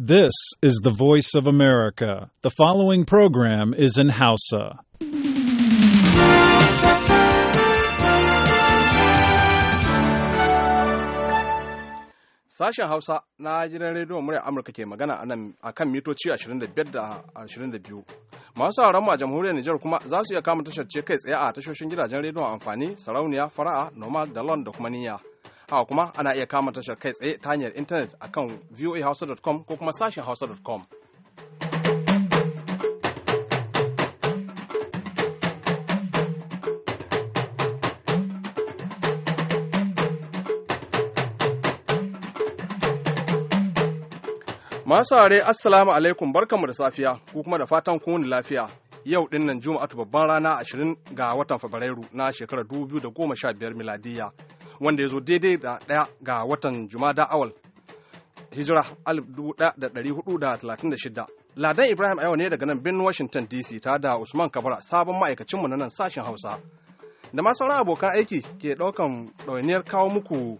This is the voice of America. The following program is in Hausa. Sashen Hausa na gidan rediyon murya Amurka ke magana a kan mitoci 25 da 22. Masu sauran a jamhuriyar Nijar kuma za su iya kama tashar ce kai tsaye a tashoshin gidajen rediyon amfani, sarauniya, fara'a, nomad da da kuma niyya. Haka kuma ana iya kama tashar kai tsaye ta hanyar intanet akan voahausa.com ko kuma sashen hausa.com. Masu saurare Assalamu alaikum barkanmu da safiya, ko kuma da fatan kun lafiya. yau din Juma'a, Juma'atu babban rana 20 ga watan Fabrairu na shekarar 2015 miladiya wanda ya zo daidai da ɗaya ga watan Jumada awal hijira 1436 Ladan Ibrahim yau ne daga nan birnin Washington DC ta da Usman Kabara sabon ma'aikacinmu na nan sashen Hausa. Da ma sauran abokan aiki ke ɗaukan ɗawainiyar kawo muku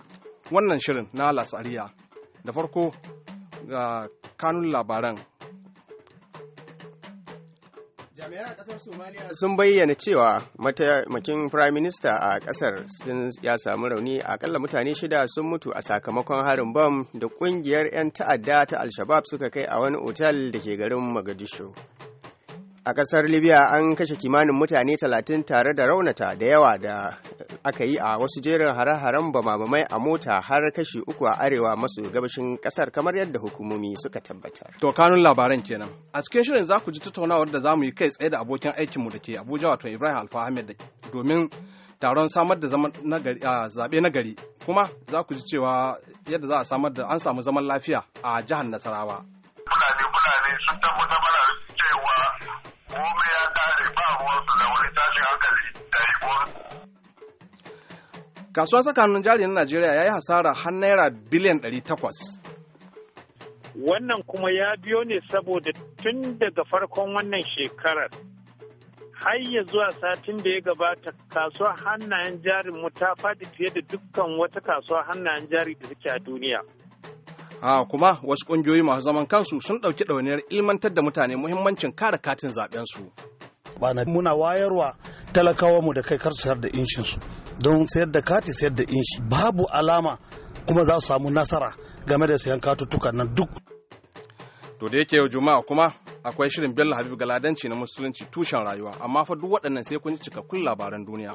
wannan shirin na lasariya. Da farko ga kanun labaran sun bayyana cewa mataimakin prime minister a kasar ya samu rauni akalla mutane shida sun mutu a sakamakon harin bom da kungiyar 'yan ta'adda ta al suka kai a wani otal da ke garin mogadishu a kasar libya an kashe kimanin mutane 30 tare da raunata da yawa da aka yi a wasu jerin hare-haren bamabamai a mota har kashi uku a arewa masu gabashin kasar kamar yadda hukumomi suka tabbatar to kanun labaran kenan a cikin shirin za ku ji tattaunawar da za mu yi kai tsaye da abokin aikin mu da ke abuja wato ibrahim alfahamed domin taron samar da zaɓe na gari kuma za ku ji cewa yadda za a samar da an samu zaman lafiya a jihar nasarawa fulani fulani sun gobe ya ba da wani tashin hankali da kasuwa tsakanin jari na najeriya ya yi hasara har naira biliyan ɗari takwas. wannan kuma ya biyo ne saboda tun daga farkon wannan shekarar har ya zuwa satin da ya gabata kasuwar hannayen jari mu ta faɗi fiye da dukkan wata kasuwar hannayen jari da suke a duniya. a kuma wasu ƙungiyoyi masu zaman kansu sun ɗauki ɗauniyar ilmantar da mutane muhimmancin kare katin zaɓensu. su bana muna wayarwa talakawa mu da kai kar sayar da inshin su don sayar da kati sayar da inshi babu alama kuma za su samu nasara game da sayan katuttukan nan duk to da yake yau juma'a kuma akwai shirin bello habib galadanci na musulunci tushen rayuwa amma fa duk waɗannan sai kun ci cikakkun labaran duniya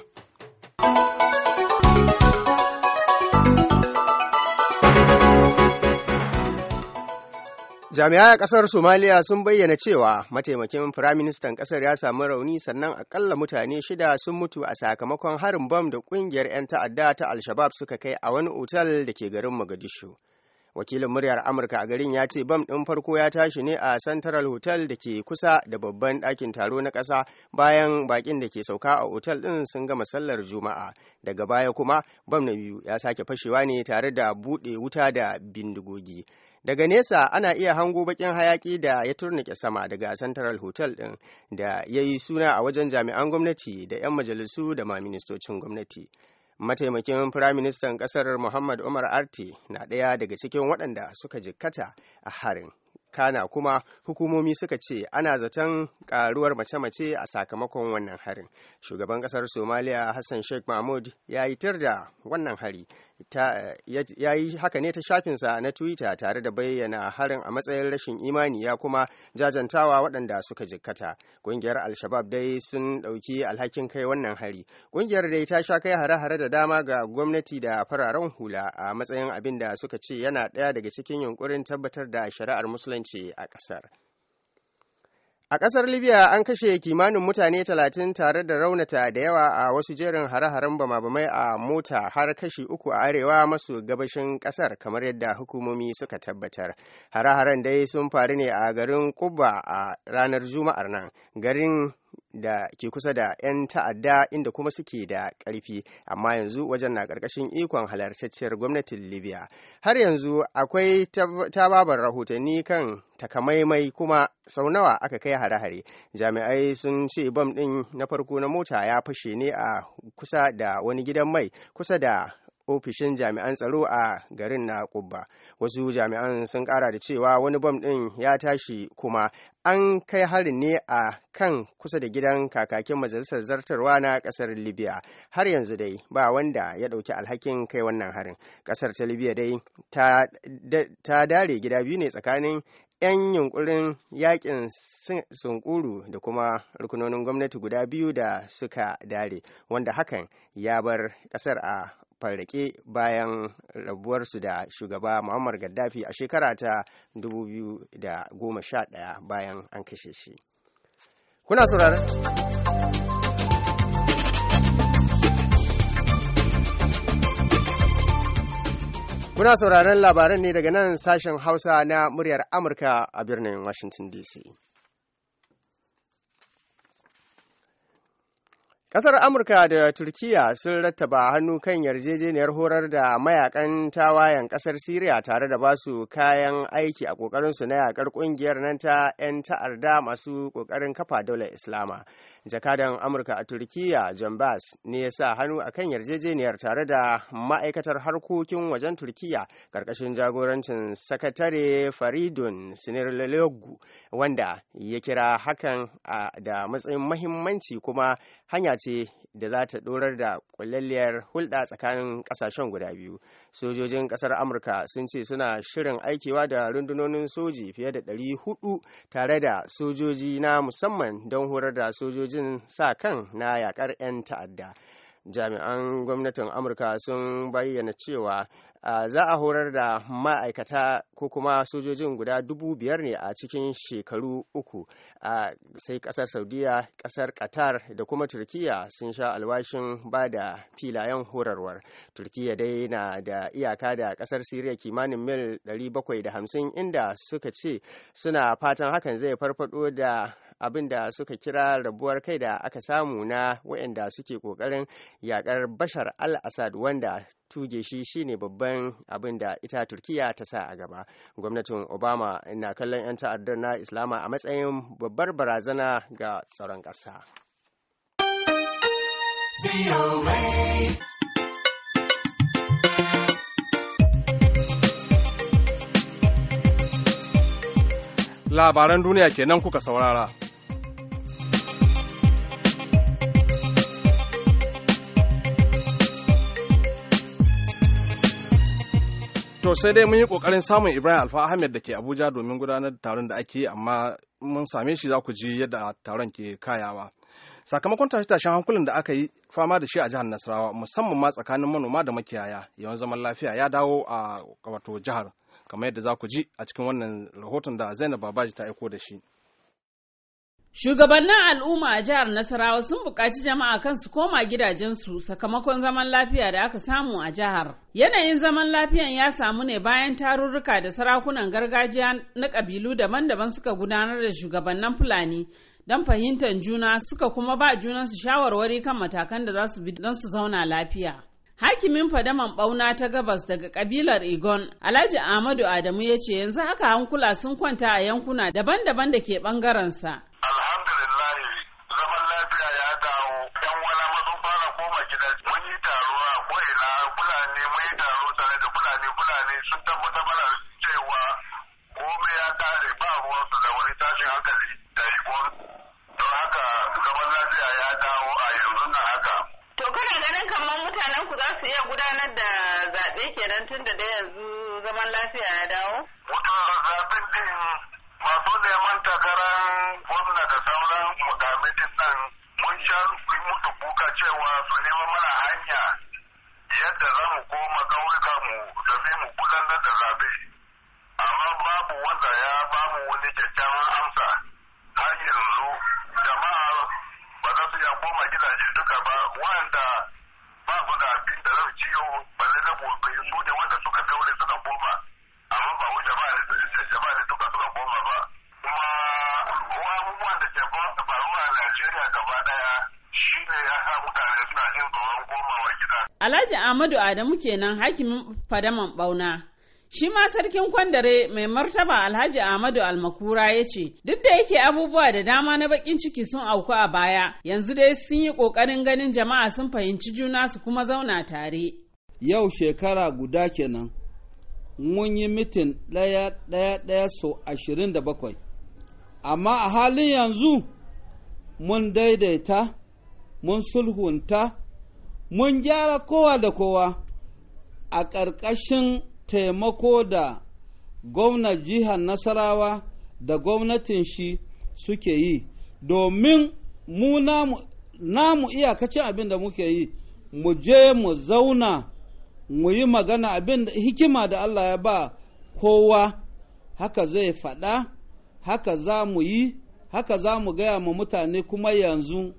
Jami'a a ƙasar Somaliya sun bayyana cewa mataimakin firaministan ƙasar ya samu rauni sannan akalla mutane shida sun mutu a sakamakon harin bam da ƙungiyar 'yan ta'adda ta Alshabab suka kai a wani otal da ke garin Mogadishu. Wakilin muryar Amurka a garin ya ce bam ɗin farko ya tashi ne a Central Hotel da ke kusa da babban ɗakin taro na ƙasa bayan baƙin da ke sauka a otal ɗin sun gama sallar Juma'a. Daga baya kuma bam na biyu ya sake fashewa ne tare da buɗe wuta da bindigogi. daga nesa ana iya hango bakin hayaki da ya turnike sama daga central hotel ɗin da ya yi suna a wajen jami'an gwamnati da 'yan majalisu da ma ministocin gwamnati mataimakin firaministan kasar muhammad umar arti na ɗaya daga cikin waɗanda suka jikkata a harin kana kuma hukumomi suka ce ana zaton karuwar mace-mace a sakamakon wannan harin shugaban ƙasar somaliya hassan sheikh mahmud ya yi tir da wannan hari ya yi haka ne ta shafinsa na twitter tare da bayyana harin a matsayin rashin imani ya kuma jajantawa waɗanda suka jikkata ƙungiyar al-shabab dai sun ɗauki alhakin kai wannan hari ƙungiyar dai ta sha kai hare-hare da dama ga gwamnati da fararen hula a matsayin abin da suka ce yana ɗaya daga cikin yunkurin tabbatar da shari'ar musulunci a ƙasar A ƙasar Libya an kashe kimanin mutane talatin tare da raunata da yawa a wasu jerin hare-haren bama-bamai a mota har kashi uku a arewa maso gabashin ƙasar kamar yadda hukumomi suka tabbatar. Hare-haren dai sun faru ne a garin Kuba a ranar Juma'ar nan. Garin da ke kusa da 'yan ta'adda inda kuma suke da ƙarfi amma yanzu wajen na ƙarƙashin ikon halartacciyar gwamnatin libya har yanzu akwai tababar rahotanni kan takamaimai kuma sau nawa aka kai hare-hare jami'ai sun ce bam ɗin na farko na mota ya fashe ne a kusa da wani gidan mai kusa da ofishin jami'an tsaro a garin na kubba wasu jami'an sun kara da cewa wani bom din ya tashi kuma an kai harin ne a kan kusa da gidan kakakin majalisar zartarwa na kasar libya har yanzu dai ba wanda ya ɗauki alhakin kai wannan harin kasar ta libya dai ta dare gida biyu ne tsakanin 'yan yunkurin yakin sunkuru da kuma rukunonin gwamnati guda biyu da suka dare wanda hakan ya bar kasar a farrake bayan rabuwarsu da shugaba Muhammadu gaddafi a shekara ta 2011 bayan an kashe shi kuna sauraron Kuna sauraron labaran ne daga nan sashen Hausa na muryar Amurka a birnin Washington DC. Ƙasar Amurka da Turkiyya sun rattaba hannu kan yarjejeniyar horar da mayakan tawayen ƙasar Siriya tare da basu kayan aiki a ƙoƙarinsu na yaƙar ƙungiyar nan ta 'yan ta'arda masu ƙoƙarin kafa daular Islama. Jakadan Amurka a Turkiyya John Bass, ne ya sa hannu a kan yarjejeniyar tare da ma'aikatar harkokin wajen Turkiyya ƙarƙashin jagorancin Sakatare Faridun Sinirlelogu, wanda ya kira hakan da matsayin mahimmanci kuma hanya ce da za ta dorar da kullalliyar hulɗa tsakanin ƙasashen guda biyu sojojin ƙasar amurka sun ce suna shirin aikewa da rundunonin soji fiye da 400 tare da sojoji na musamman don horar da sojojin sa kan na yakar 'yan ta'adda jami'an gwamnatin amurka sun bayyana cewa za a horar da ma'aikata ko kuma sojojin guda dubu biyar ne a cikin shekaru uku sai kasar saudiya kasar qatar da kuma turkiya sun sha alwashin ba da filayen horarwar turkiya dai na da iyaka da kasar siriya kimanin mil 750 inda suka ce suna fatan hakan zai farfado da abin da suka kira rabuwar kai da aka samu na waɗanda suke ƙoƙarin yaƙar bashar al-assad wanda tuge shi shine babban abin da ita turkiya ta sa a gaba gwamnatin obama na kallon 'yan ta'addar na islama a matsayin babbar barazana ga tsaron ƙasa. labaran duniya kenan kuka saurara. To sai dai mun yi kokarin samun Ibrahim Alfa Ahmed da ke Abuja domin gudanar da taron da ake yi amma mun same shi za ku ji yadda taron ke kayawa. Sakamakon tashe-tashen hankulan da aka yi fama da shi a jihar Nasarawa musamman ma tsakanin manoma da makiyaya yawan zaman lafiya ya dawo a wato jihar kamar yadda za ku ji a cikin wannan rahoton da Zainab Babaji ta aiko da shi. Shugabannin al'umma a jihar Nasarawa sun buƙaci jama'a kan su koma gidajensu sakamakon zaman lafiya da aka samu a jihar. Yanayin zaman lafiyan ya samu ne bayan tarurruka da sarakunan gargajiya na kabilu daban-daban suka gudanar da shugabannin Fulani don fahimtar juna suka kuma ba junansu shawarwari kan matakan da za su bi don su zauna lafiya. Hakimin fadaman bauna ta gabas daga kabilar Igon, Alhaji Ahmadu Adamu ya ce yanzu haka hankula sun kwanta a yankuna daban-daban da ke ɓangarensa. kare zaman lafiya ya dawo yan wala ma sun fara koma gida mun yi taro a ko'ina fulani mun yi taro tare da fulani fulani sun tabbatar mana cewa komai ya kare ba su da wani tashin hankali da ikon don haka zaman lafiya ya dawo a yanzu na haka. To kana ganin kamar mutanen ku za su iya gudanar da zaɓe kenan tun da yanzu zaman lafiya ya dawo? Mutum zaɓen din masu neman takarar gwamna da sauran mukamai nan mun sha mutu kuka cewa su nema mana hanya yadda za mu koma kamu mu zai mu gudanar da zaɓe amma babu wanda ya bamu wani kyakkyawan amsa har yanzu jama'a ba za su iya koma gidaje duka ba wanda ba da abin da zai ciyo balle na bobe su ne wanda suka kaure suka koma amma ba wuce ba da ba duka koma ba kuma abubuwan da ke faruwa a Najeriya gaba daya shi ya sa mutane suna jin tsoron komawa gida. Alhaji Ahmadu Adamu kenan hakimin fadaman bauna. Shi ma sarkin kwandare mai martaba Alhaji Ahmadu Almakura ya ce, duk da yake abubuwa da dama na bakin ciki sun auku a baya, yanzu dai sun yi ƙoƙarin ganin jama'a sun fahimci juna su kuma zauna tare. Yau shekara guda kenan mun yi mitin ɗaya ɗaya ɗaya so ashirin da bakwai amma a halin yanzu mun daidaita mun sulhunta mun gyara kowa da kowa a ƙarƙashin taimako da gwamnan jihar nasarawa da gwamnatin shi suke yi domin mu namu, iyakacin abin da muke yi mu je mu zauna mu yi magana abin da hikima da Allah ya ba kowa haka zai faɗa haka za mu yi haka za mu gaya ma mutane kuma yanzu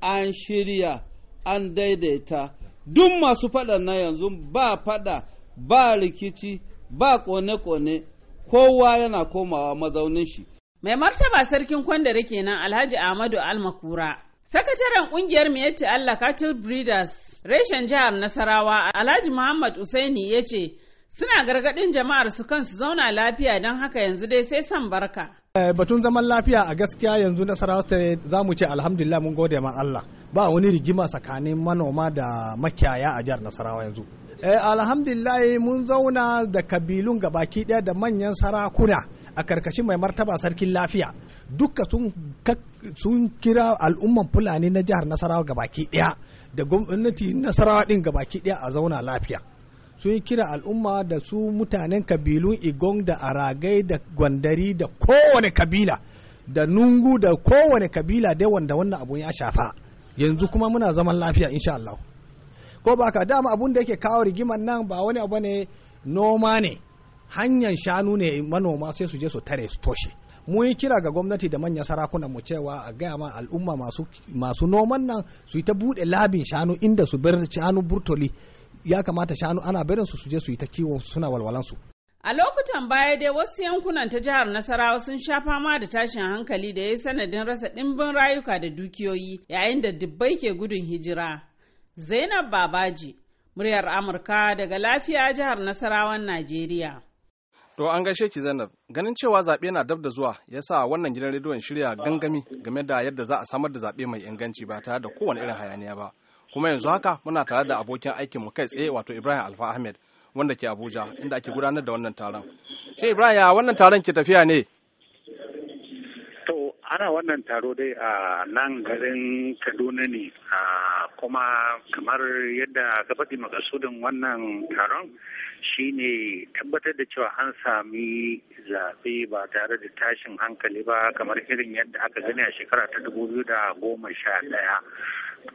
an shirya an daidaita duk masu faɗa na yanzu ba faɗa ba rikici ba kone-kone kowa yana komawa mazaunin shi. Mai martaba sarkin kwandare nan Alhaji Ahmadu Almakura Sakataren kungiyar Miyetti Allah Cattle Breeders reshen jihar Nasarawa Alhaji Muhammad Usaini ya ce suna gargaɗin jama'ar su kansu zauna lafiya don haka yanzu dai sai san barka. Eh, batun zaman lafiya a gaskiya yanzu Nasarawa State za mu ce alhamdulillah mun gode ma Allah ba wani rigima tsakanin manoma da makiyaya a jihar Nasarawa yanzu. Eh, alhamdulillah mun zauna da kabilun gabaki ɗaya da manyan sarakuna a karkashin mai martaba sarkin lafiya duka sun kira al'umman fulani na jihar nasarawa gabaki daya da gwamnati nasarawa ɗin gabaki ɗaya a zauna lafiya sun yi kira al'umma da su mutanen kabilun igong da aragai da gwandari da kowane kabila da nungu da kowane kabila dai wanda wannan abun ya shafa yanzu kuma muna zaman lafiya insha Allah. ko ba ka dama abun da yake kawo rigiman nan ba wani abu ne noma ne hanyar shanu ne manoma sai su je su tare su toshe mu yi kira ga gwamnati da manyan sarakunan mu cewa a gaya ma al'umma masu, noman nan su yi ta buɗe labin shanu inda su bar shanu burtoli ya kamata shanu ana barin su su je su yi ta kiwon suna walwalansu A lokutan baya dai wasu yankunan ta jihar Nasarawa sun sha fama da tashin hankali da ya yi sanadin rasa ɗimbin rayuka da dukiyoyi yayin da dubbai ke gudun hijira. Zainab Babaji, muryar Amurka daga lafiya jihar Nasarawan Najeriya. To an gaishe ki Zainab, ganin cewa zaɓe na dab da zuwa ya sa wannan gidan rediyon shirya gangami game da yadda za a samar da zaɓe mai inganci ba tare da kowane irin hayaniya ba. Kuma yanzu haka muna tare da abokin aikin mu kai tsaye wato Ibrahim Alfa Ahmed wanda ke Abuja inda ake gudanar da wannan taron. Shi Ibrahim ya wannan taron ke tafiya ne? ana wannan taro dai a nan garin kaduna ne kuma kamar yadda ka faɗi makasudin wannan taron shine tabbatar da cewa an sami zaɓe ba tare da tashin hankali ba kamar irin yadda aka gani a shekara ta dubu da goma sha ɗaya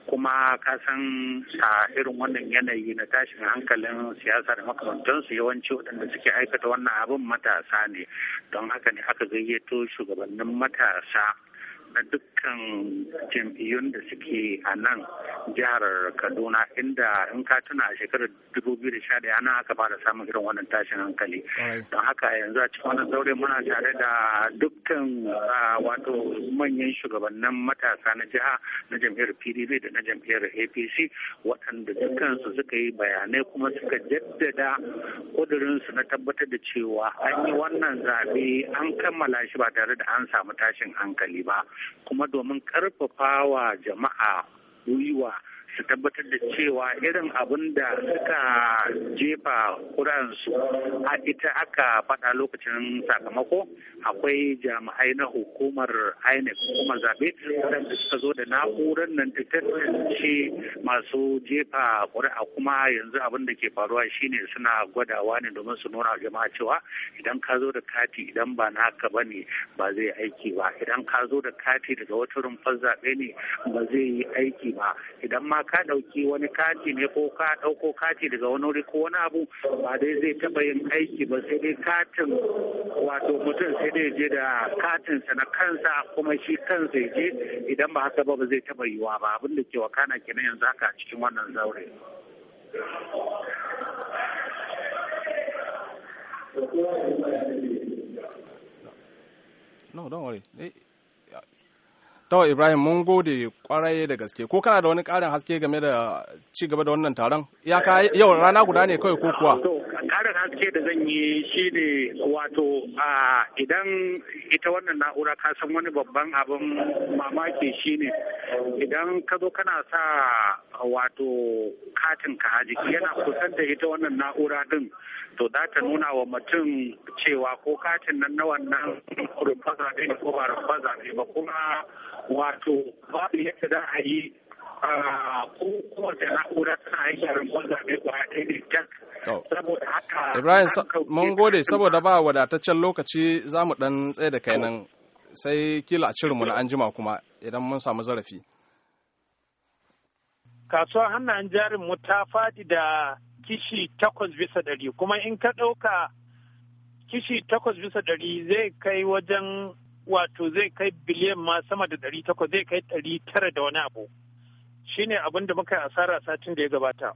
kuma ka san a irin wannan yanayi na tashin hankalin siyasa da makamantansu yawanci waɗanda suke aikata wannan abin matasa ne don haka ne aka gayyato shugabannin matasa na dukkan jam'iyyun da suke a nan jihar kaduna inda in ka tuna a shekarar 2011 ana aka fara samun irin wannan tashin hankali don haka yanzu a cikin wannan saurin muna tare da dukkan wato manyan shugabannin matasa na jiha na jam'iyyar pdp da na jam'iyyar apc waɗanda dukkansu suka yi bayanai kuma suka jaddada ƙudurinsu na tabbatar da cewa an yi wannan zaɓe an kammala shi ba tare da an samu tashin hankali ba kuma domin ƙarfafawa wa jama'a wiwa su tabbatar da cewa irin abin da suka jefa kuransu a ita aka faɗa lokacin sakamako akwai jami'ai na hukumar inec hukumar zaɓe waɗanda suka zo da na'urar nan ta tantance masu jefa ƙuri'a kuma yanzu abin da ke faruwa shine suna gwadawa ne domin su nuna jama'a cewa idan ka zo da kati idan ba naka ba ne ba zai aiki ba idan ka zo da kati daga wata rumfar zaɓe ne ba zai yi aiki ba idan ma ka ɗauki wani kati ne ko ka ɗauko kati daga wani wuri ko wani abu ba dai zai taɓa yin aiki ba sai dai katin wato mutum sai dai je da katinsa na kansa kuma shi kansa ya je idan ba haka ba ba zai taɓa yiwa ba abin da ke wakana kenan yanzu haka a cikin wannan zaure. No, don't worry. Eh, Tawa Ibrahim mun gode kwarai da gaske. Ko kana da wani karin haske game da ci gaba da wannan taron? Ya yau rana guda ne kawai ko kuwa? wannan haske da zan yi shi ne wato idan ita wannan na'ura ka san wani babban abin mamaki shi ne idan ka zo kana sa wato katin ka jiki yana kusan da ita wannan na'ura din to za ta nuna wa mutum cewa ko katin nan na wannan rumfaza ne ko ba rumfaza ne ba kuma wato babu yadda za a yi ibrahim mun gode saboda ba wadataccen lokaci za mu ɗan tsaye da kai nan sai kila a cire mu na anjima kuma idan mun samu zarafi kasuwar hannayen jarin mu ta faɗi da kishi takwas bisa ɗari kuma in ka ɗauka kishi takwas bisa ɗari zai kai wajen wato zai kai biliyan ma sama da ɗari takwas zai kai ɗari tara da wani abu shine abin da muka yi asara satin da ya gabata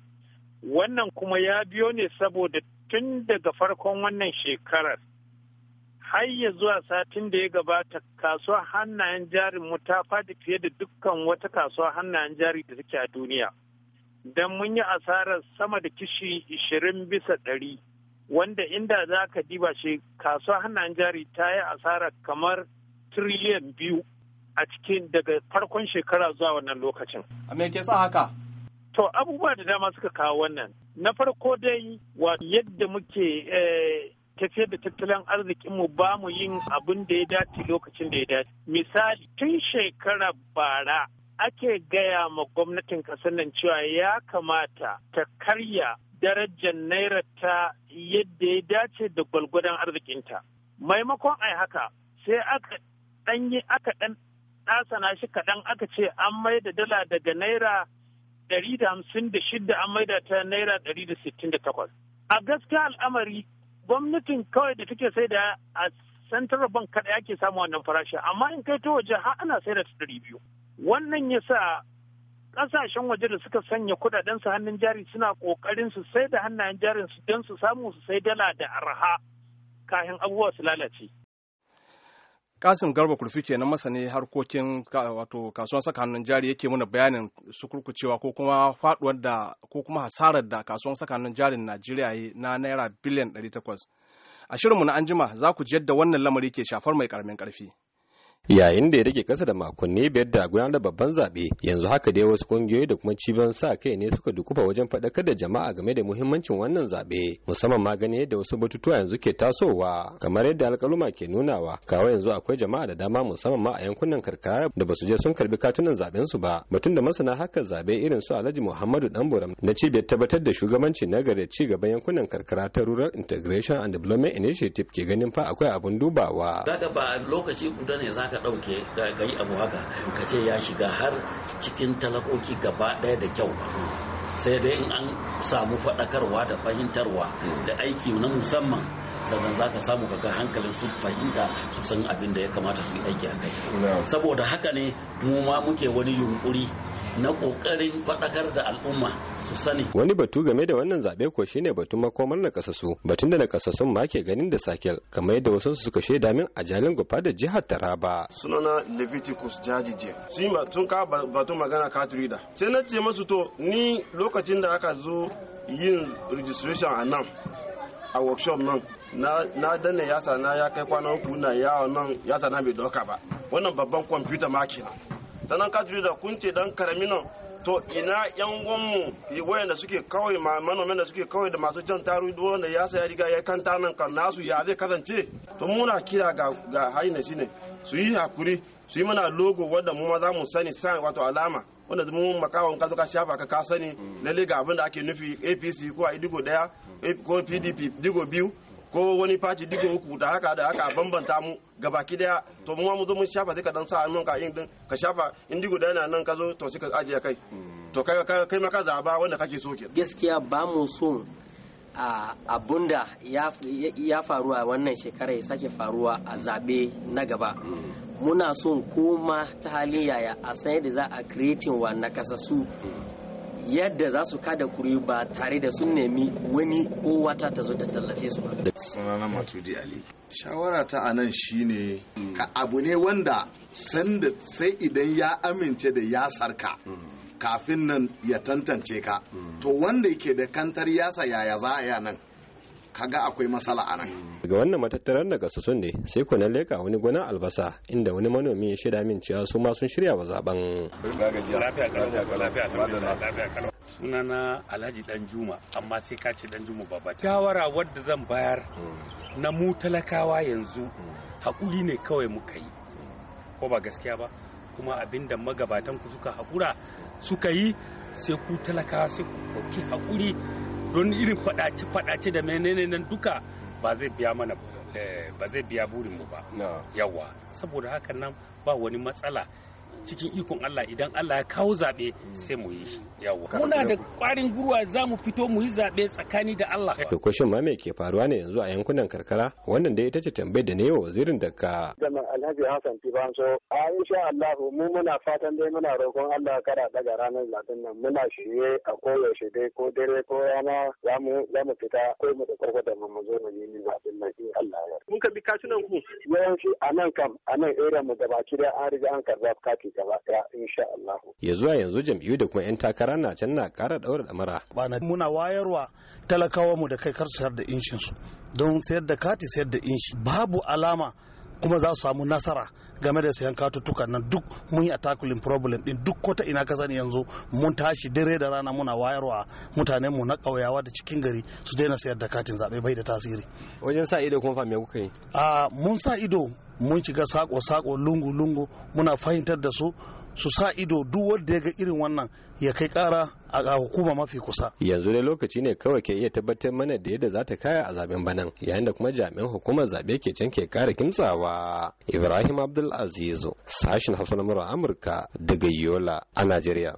wannan kuma ya biyo ne saboda tun daga farkon wannan shekarar har ya zuwa satin da ya gabata kasuwar hannayen jari mu ta faɗi fiye da dukkan wata kasuwar hannayen jari da take a duniya don mun yi asarar sama da kishi ishirin bisa ɗari wanda inda za ka diba shi kasuwar hannayen jari ta yi asara kamar triliyan biyu a cikin daga farkon shekara zuwa wannan lokacin. A me ke sa haka? To abubuwa da dama suka kawo wannan. Na farko dai wa yadda muke eh, tafiyar da tattalin arzikinmu ba mu yin abin da ya dace lokacin da ya dace. Misali tun shekara bara ake gaya ma gwamnatin kasar nan cewa ya kamata ta karya darajar naira ta yadda ya dace da gwalgwadon arzikinta. Maimakon ai haka sai aka ɗanyi aka ɗan ɗasana shi kaɗan aka ce an maida dala daga naira ɗari da hamsin da shidda an maida ta naira ɗari da sittin da takwas. A gaskiya al'amari gwamnatin kawai da take sai da a central bank kaɗai ake samu wannan farashi amma in kai ta waje har ana sai da ta ɗari biyu. Wannan ya sa ƙasashen waje da suka sanya kuɗaɗen su hannun jari suna ƙoƙarin su sai da hannayen jarin su don su samu su sai dala da arha kafin abubuwa su lalace. kasim garba kurfi na masani harkokin wato kasuwar saka hannun jari yake muna bayanin sukurkucewa ko kuma faduwar da ko kuma hasarar da kasuwar saka hannun jarin najeriya yi na naira biliyan 800 a shirinmu na anjima za ku ji yadda wannan lamari ke shafar mai karamin karfi yayin da ya rage kasa da makonni biyar da gudanar babban zaɓe yanzu haka dai wasu ƙungiyoyi da kuma cibiyar sa kai ne suka dukufa wajen faɗakar da jama'a game da muhimmancin wannan zaɓe musamman ma gani yadda wasu batutuwa yanzu ke tasowa kamar yadda alƙaluma ke nunawa kawai yanzu akwai jama'a da dama musamman ma a yankunan karkara da basu je sun karbi katunan zaɓen su ba batun da masana haka zaɓe irin su Alhaji Muhammadu Danburam na cibiyar tabbatar da shugabanci na gari ci gaban yankunan karkara ta Rural Integration and Development Initiative ke ganin fa akwai abun dubawa. Zaka ba lokaci guda ne zaka ka ɗauke ka yi abu haka ka ce ya shiga har cikin talakoki gaba ɗaya da kyau sai dai in an samu faɗakarwa da fahimtarwa da aiki na musamman sannan za ka samu kaga hankalin su fahimta su san abin da ya kamata su yi aiki a kai saboda haka ne mu ma muke wani yunkuri na kokarin faɗakar da al'umma su sani. Wani batu game da wannan zaɓe ko shine batun makomar na kasasu batun da na kasasun ma ke ganin da sakel kamar yadda wasu suka shaida min a jalin gufa da jihar Taraba. Sunana Leviticus Jajije. Sun batun ka batun magana katurida. Sai na ce masu to ni lokacin da aka zo yin registration a nan a workshop nan na danne yasa na ya kai kwana uku na yawon nan yasa na bai doka ba wannan babban kwamfuta ma kenan sannan ka da kunce dan karamin to ina yan gwanmu eh, da suke kawai manomin da suke kawai da masu jan taru wanda ya sa ya riga ya kanta nan kan nasu ya zai kasance to muna kira ga ga shi shine su yi hakuri su yi mana logo wanda mu ma za mu sani sa wato alama wanda mu maka ka zo ka shafa ka ka sani mm. lalle ga abin da ake nufi APC ko a digo daya ko PDP digo biyu ko wani faci digo uku da haka da haka bambanta mu gabaki daya to mu mu zo mun shafa sai ka dan sa hannun ka yin din ka shafa in digo da yana nan ka zo to sai ka ajiye kai to kai kai ma ka zaba wanda kake so ke gaskiya ba mu so a abunda ya faru a wannan shekara ya sake faruwa a zabe na gaba muna son koma ta halin yaya a sanya da za a creating wa nakasassu yadda za su kada kuri ba tare da sun nemi wani ko wata ta zo ta tallafe su ba. sunana matudi ali shawara ta a nan shine abu ne wanda sanda sai idan ya amince da ya sarka kafin nan ya tantance ka to wanda yake da kantar yasa yaya za a nan kaga akwai matsala a nan daga wannan matattarar daga su ne sai ku na leka wani gonan albasa inda wani manomi ya shaida min cewa su ma sun shirya wa zaben sunana alhaji dan juma amma sai ka ce dan juma baba shawara wadda zan bayar hmm. na mu talakawa yanzu haƙuri ne kawai muka yi hmm. ko ba gaskiya ba kuma abinda magabatan ku suka haƙura suka yi sai ku talakawa sai ku ɗauki haƙuri don irin fadace-fadace da menene nan duka ba zai biya mana eh, ba zai biya burinmu ba yawa saboda hakan nan ba wani matsala cikin ikon Allah idan Allah ya kawo zaɓe hmm. sai mu yi shi muna da ƙwarin gurwa za mu fito mu yi zaɓe tsakani da Allah to ko ma me ke faruwa ne yanzu a yankunan karkara wannan da ita ce tambayar da ne zirin wazirin ka zaman Alhaji Hassan Tibanso a insha Allah mu muna fatan dai muna roƙon Allah kada daga ranar zaɓen nan muna shirye a koyaushe dai ko dare ko rana za mu za mu fita ko mu da kwarkwata mu mu zo mu yi zaɓen nan in Allah ya mun ka bi katunan ku yawanci a nan kam a nan area mu gabaki da an riga an karɓa katu mulki gaba daya insha Allah ya zuwa yanzu jam'iyyu da kuma yan takara na can na ƙara ɗaura ɗamara bana muna wayarwa talakawa mu da kai kar su da inshin su don sayar da kati sayar da inshi babu alama kuma za su samu nasara game da sayan katuttukan nan duk mun yi a takulin problem din duk kota ina ka sani yanzu mun tashi dare da rana muna wayarwa mutanen mu na ƙauyawa da cikin gari su daina sayar da katin zaɓe bai da tasiri wajen sa ido kuma fa me kuka yi a ah, mun sa ido mun shiga sako-sako lungu-lungu muna fahimtar da su su sa ido duk wanda ya ga irin wannan ya kai kara a hukuma mafi kusa. Yanzu ne lokaci ne kawai ke iya tabbatar mana da yadda za ta kaya a zaben banan yayin da kuma jami'an hukumar zabe ke can ke kara kimtsawa. Ibrahim Abdul Aziz sashin Hausa na Amurka daga Yola a Najeriya.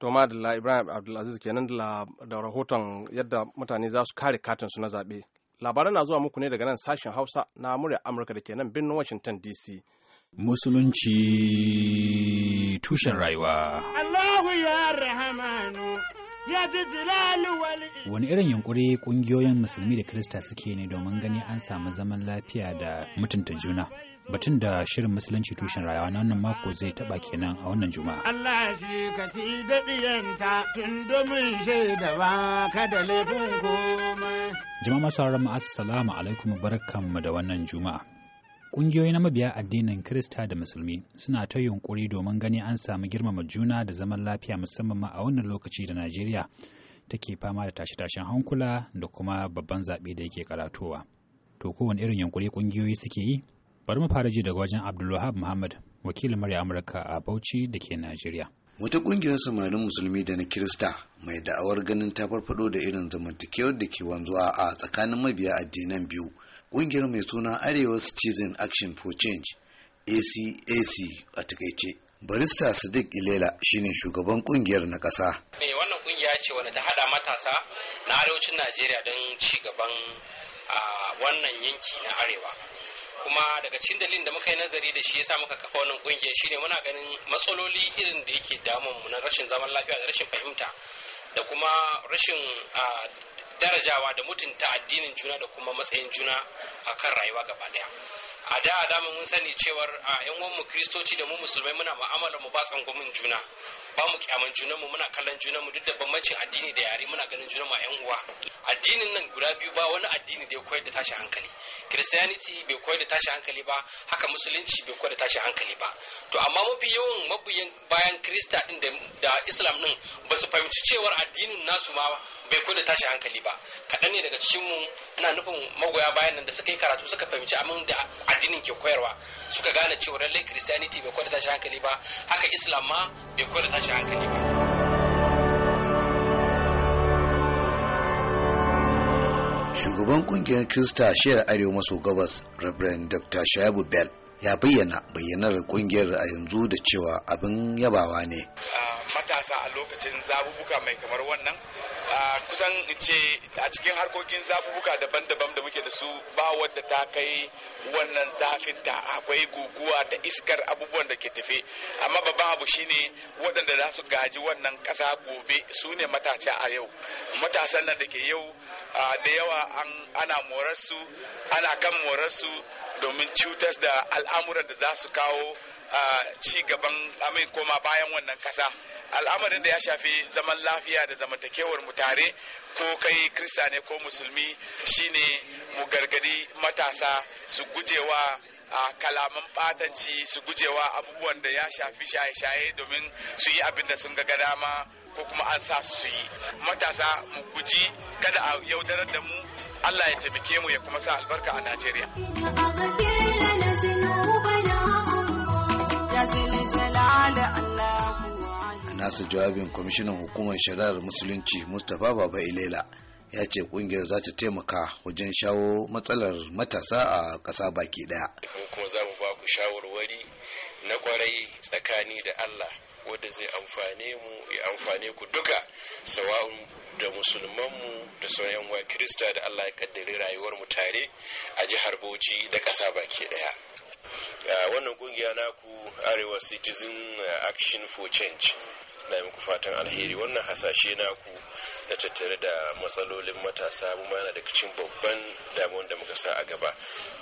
to madalla ibrahim aziz kenan da rahoton yadda mutane za su kare katin su na zaɓe labaran na zuwa muku ne daga nan sashen hausa na murya amurka da ke nan birnin washington dc musulunci tushen rayuwa allahu ya Wani irin yunkuri ƙungiyoyin musulmi da Kirista suke ne domin gani an samu zaman lafiya da mutunta juna. batun da shirin musulunci tushen rayuwa na wannan mako zai taba kenan a wannan juma'a. Allah shi ka fi daɗiyanta tun domin shaida ba ka da laifin komai. Jama'a masu haramu assalamu alaikum mu, da wannan juma'a. Ƙungiyoyi na mabiya addinin Kirista da Musulmi suna ta yunƙuri domin gani an samu girmama juna da zaman lafiya musamman ma a wannan lokaci da Najeriya take fama da tashe-tashen hankula da kuma babban zaɓe da yake karatowa. To kowane irin yunƙuri ƙungiyoyi suke yi bari mu fara ji daga wajen abdulwahab muhammad wakilin murya amurka a bauchi da ke najeriya wata ƙungiyar samarin musulmi da na kirista mai da'awar ganin ta farfado da irin zamantakewar da ke wanzuwa a tsakanin mabiya addinan biyu ƙungiyar mai suna arewa citizen action for change acac a takaice barista sadiq ilela shine shugaban ƙungiyar na ƙasa. wannan kungiya ce wanda ta hada matasa na arewacin najeriya don ci gaban wannan yanki na arewa kuma daga cikin dalilin da muka yi nazari da shi yasa muka kafa wannan kungiyar ne, muna ganin matsaloli irin da yake damun mu na rashin zaman lafiya da rashin fahimta da kuma rashin ah, darajawa da mutunta addinin juna da kuma matsayin juna a kan rayuwa gaba daya a da dama mun sani cewar a yan uwanmu kristoci da mu musulmai muna mu'amala mu ba tsangwamin juna ba mu kyaman junanmu muna kallon junanmu duk da bambancin addini da yare muna ganin junanmu a yan uwa addinin nan guda biyu ba wani addini da ya koyar da tashi hankali christianity bai koyar da tashi hankali ba haka musulunci bai koyar da tashi hankali ba to amma mafi yawan mabiyan bayan krista din da islam din ba su fahimci cewar addinin nasu ma bai kula tashi hankali ba kaɗan ne daga cikin mu ina nufin magoya bayan nan da suka yi karatu suka fahimci amin da addinin ke koyarwa suka gane cewa lallai christianity bai kula tashi hankali ba haka islam ma bai kula tashi hankali ba shugaban kungiyar kirista shiyar arewa maso gabas reverend dr shayabu bell ya bayyana bayyanar kungiyar a yanzu da cewa abin yabawa ne ah, matasa a lokacin zabubuka mai kamar wannan kusan ce a cikin harkokin zabubuka daban-daban da muke da su ba wadda ta kai wannan zafinta akwai guguwa da iskar abubuwan da ke tafe amma babban abu shine waɗanda za su gaji wannan ƙasa gobe su ne matace a yau matasan nan da ke yau da yawa ana morarsu ana kan morarsu domin cutar da al'amuran da za su kawo ci gaban amin koma bayan wannan ƙasa al'amarin da ya shafi zaman lafiya da zamantakewar mu tare ko kai krista ne ko musulmi shine mu gargadi matasa su gujewa a kalaman batanci su gujewa abubuwan da ya shafi shaye-shaye domin su yi abin da sun ga dama ko kuma an sa su yi matasa mu guji kada a yaudarar da mu allah ya taimake mu ya kuma sa albarka a najeriya يا nasa jawabin kwamishinan hukumar shari'ar musulunci mustapha baba ilela ya ce kungiyar za ta taimaka wajen shawo matsalar matasa a ƙasa baki daya kuma za mu ba ku shawarwari na kwarai tsakani da allah wadda zai amfane mu ya amfane ku duka sawa'un da musulmanmu da sauran wa kirista da allah ya kaddare rayuwar mu tare a jihar bauchi da ƙasa baki ɗaya wannan kungiya naku arewa citizen uh, action for change na muku fatan alheri wannan hasashe naku na tattare da matsalolin matasa mu yana da cikin babban damuwar da muka sa a gaba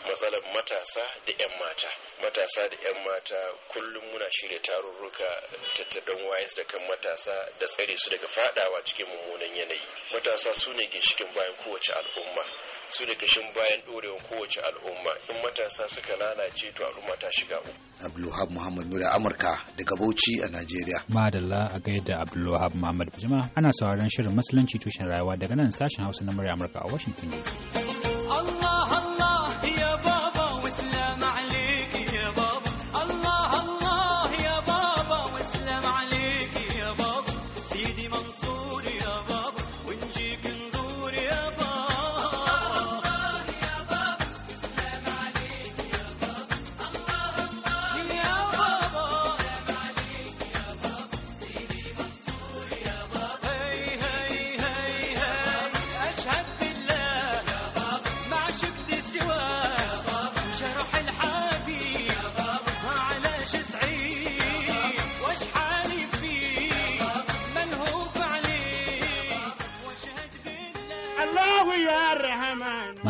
matsalar matasa da 'yan mata matasa da 'yan mata kullum muna shirya tarurruka tattaɓen wayas da kan matasa da tsare su daga fadawa cikin mummunan yanayi matasa su ne ginshikin bayan kowace al'umma su ne kashin bayan ɗorewan kowace al'umma in matasa suka lalace to al'umma ta shiga uku Abdullahi muhammad mura amurka daga bauchi a najeriya madalla a gaida abdulwahab muhammad jima ana sauraron shirin musulunci tushen rayuwa daga nan sashen hausa na murya amurka a washington dc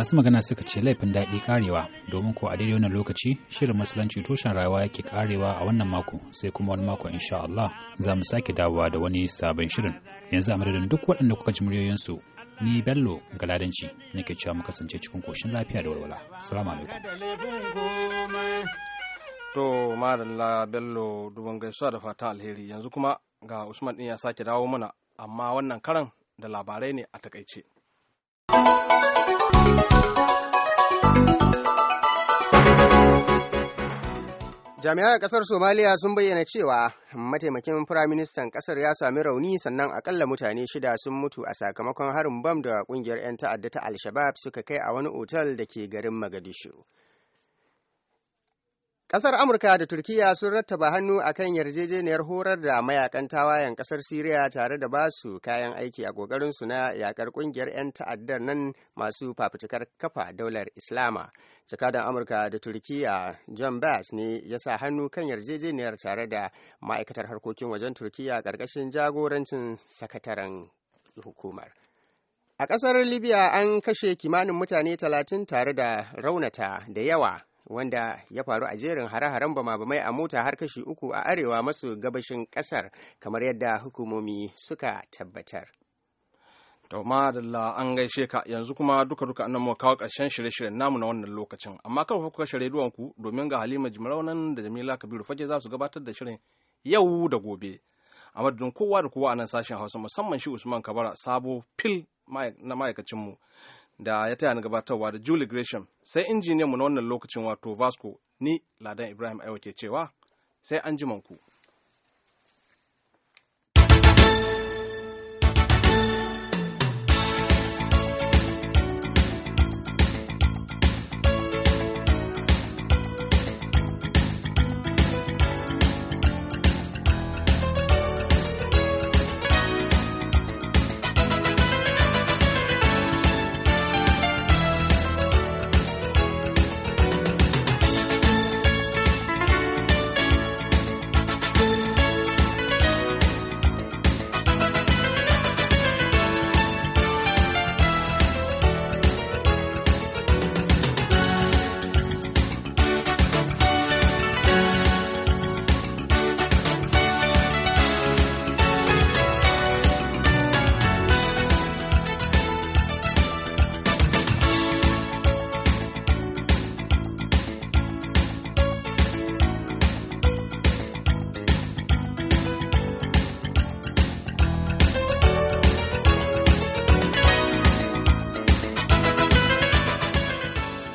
masu magana suka ce laifin daɗi karewa domin ko a daidai wannan lokaci shirin musulunci tushen rayuwa yake karewa a wannan mako sai kuma wani mako insha Allah za mu sake dawowa da wani sabon shirin yanzu a madadin duk waɗanda kuka ji muryoyinsu ni bello galadanci nake cewa mu kasance cikin koshin lafiya da walwala salamu alaikum to madalla bello dubin gaisuwa da fatan alheri yanzu kuma ga usman din ya sake dawo mana amma wannan karan da labarai ne a takaice jami'an kasar somaliya sun bayyana cewa mataimakin firaministan kasar ya sami rauni sannan akalla mutane shida sun mutu a sakamakon harin bam da kungiyar 'yan ta'adda ta al suka kai a wani otal da ke garin magadishu Ƙasar Amurka da Turkiyya sun rattaba hannu a kan yarjejeniyar horar da mayakan tawayen ƙasar Siriya tare da ba su kayan aiki a ƙoƙarinsu na yaƙar ƙungiyar 'yan ta'addar nan masu fafutukar kafa daular Islama. Jakadan Amurka da Turkiyya John Bass ne ya sa hannu kan yarjejeniyar tare da ma'aikatar harkokin wajen Turkiyya ƙarƙashin jagorancin sakataren hukumar. A ƙasar Libya an kashe kimanin mutane talatin tare da raunata da yawa wanda ya faru a jerin hare-haren bama-bamai a mota har kashi uku a arewa maso gabashin kasar kamar yadda hukumomi suka tabbatar. da madalla an gaishe ka yanzu kuma duka duka nan mu kawo karshen shirye-shiryen namu na wannan lokacin amma kawai ku kashe rediyon ku domin ga Halima Jimaraunan da Jamila Kabiru Fage za su gabatar da shirin yau da gobe a madadin kowa da kowa a nan sashen Hausa musamman shi Usman Kabara sabo fil na ma'aikacin mu da ya taya ni gabatarwa da Julie Gresham sai injiniyanmu na wannan lokacin wato Vasco ni Ladan Ibrahim Aiwa ke cewa sai an ku.